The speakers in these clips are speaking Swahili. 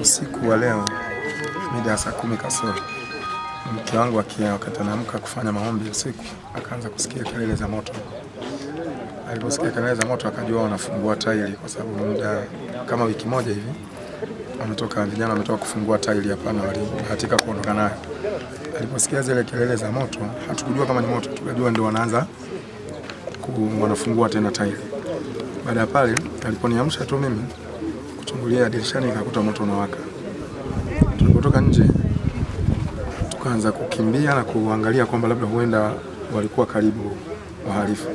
usiku wa leo mida ya saa kumi kasoro mke wangu akia, wakati anaamka kufanya maombi usiku, akaanza kusikia kelele za moto. Aliposikia kelele za moto, akajua wanafungua taili, kwa sababu muda kama wiki moja hivi wametoka vijana, wametoka kufungua taili. Hapana, walibahatika kuondoka nayo. Aliposikia zile kelele za moto, hatukujua kama ni moto, tukajua ndio wanaanza wanafungua tena taili. Baada ya pale, aliponiamsha tu mimi Tulichungulia dirishani ikakuta moto unawaka. Tulipotoka nje tukaanza kukimbia na kuangalia kwamba labda huenda walikuwa karibu wahalifu,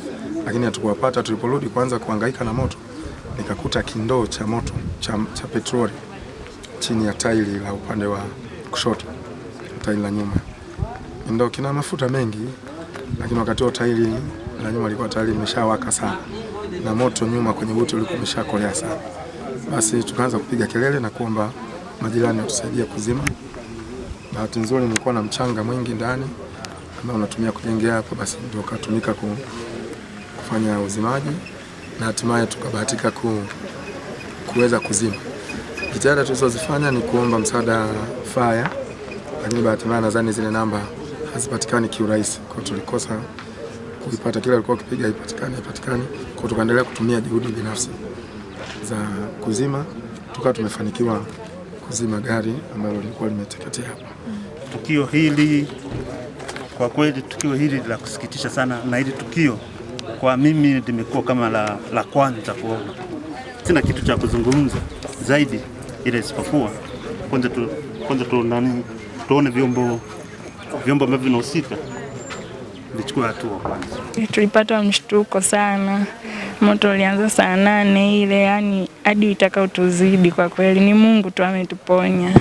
lakini hatukuwapata. Tuliporudi kuanza kuhangaika na moto, nikakuta kindoo cha moto cha, cha petroli chini ya tairi la upande wa kushoto, tairi la nyuma. Kindoo kina mafuta mengi, lakini wakati huo tairi la nyuma lilikuwa tayari limeshawaka sana na moto nyuma kwenye buti ulikuwa umeshakolea sana. Basi tukaanza kupiga kelele na kuomba majirani watusaidie kuzima. Bahati nzuri nilikuwa na mchanga mwingi ndani ambao unatumia kujengea hapa, basi ndio ukatumika kufanya uzimaji na hatimaye tukabahatika ku, kuweza kuzima. Jitihada tulizozifanya ni kuomba msaada faya, lakini bahati mbaya nadhani zile namba hazipatikani kiurahisi, kwa tulikosa kuipata, kila alikuwa kipiga haipatikani haipatikani, kwa tukaendelea kutumia juhudi binafsi za kuzima, tukawa tumefanikiwa kuzima gari ambalo lilikuwa limeteketea hapa. Tukio hili kwa kweli, tukio hili la kusikitisha sana, na hili tukio kwa mimi limekuwa kama la, la kwanza kuona. Sina kitu cha kuzungumza zaidi ile isipokuwa kwanza tu, kwanza tu nani tuone vyombo vyombo ambavyo vinahusika Nilichukua hatua kwanza. Tulipata mshtuko sana, moto ulianza saa nane ile, yani hadi itaka utuzidi. Kwa kweli ni Mungu tu ametuponya,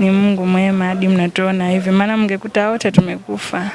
ni Mungu mwema hadi mnatuona hivi, maana mngekuta wote tumekufa.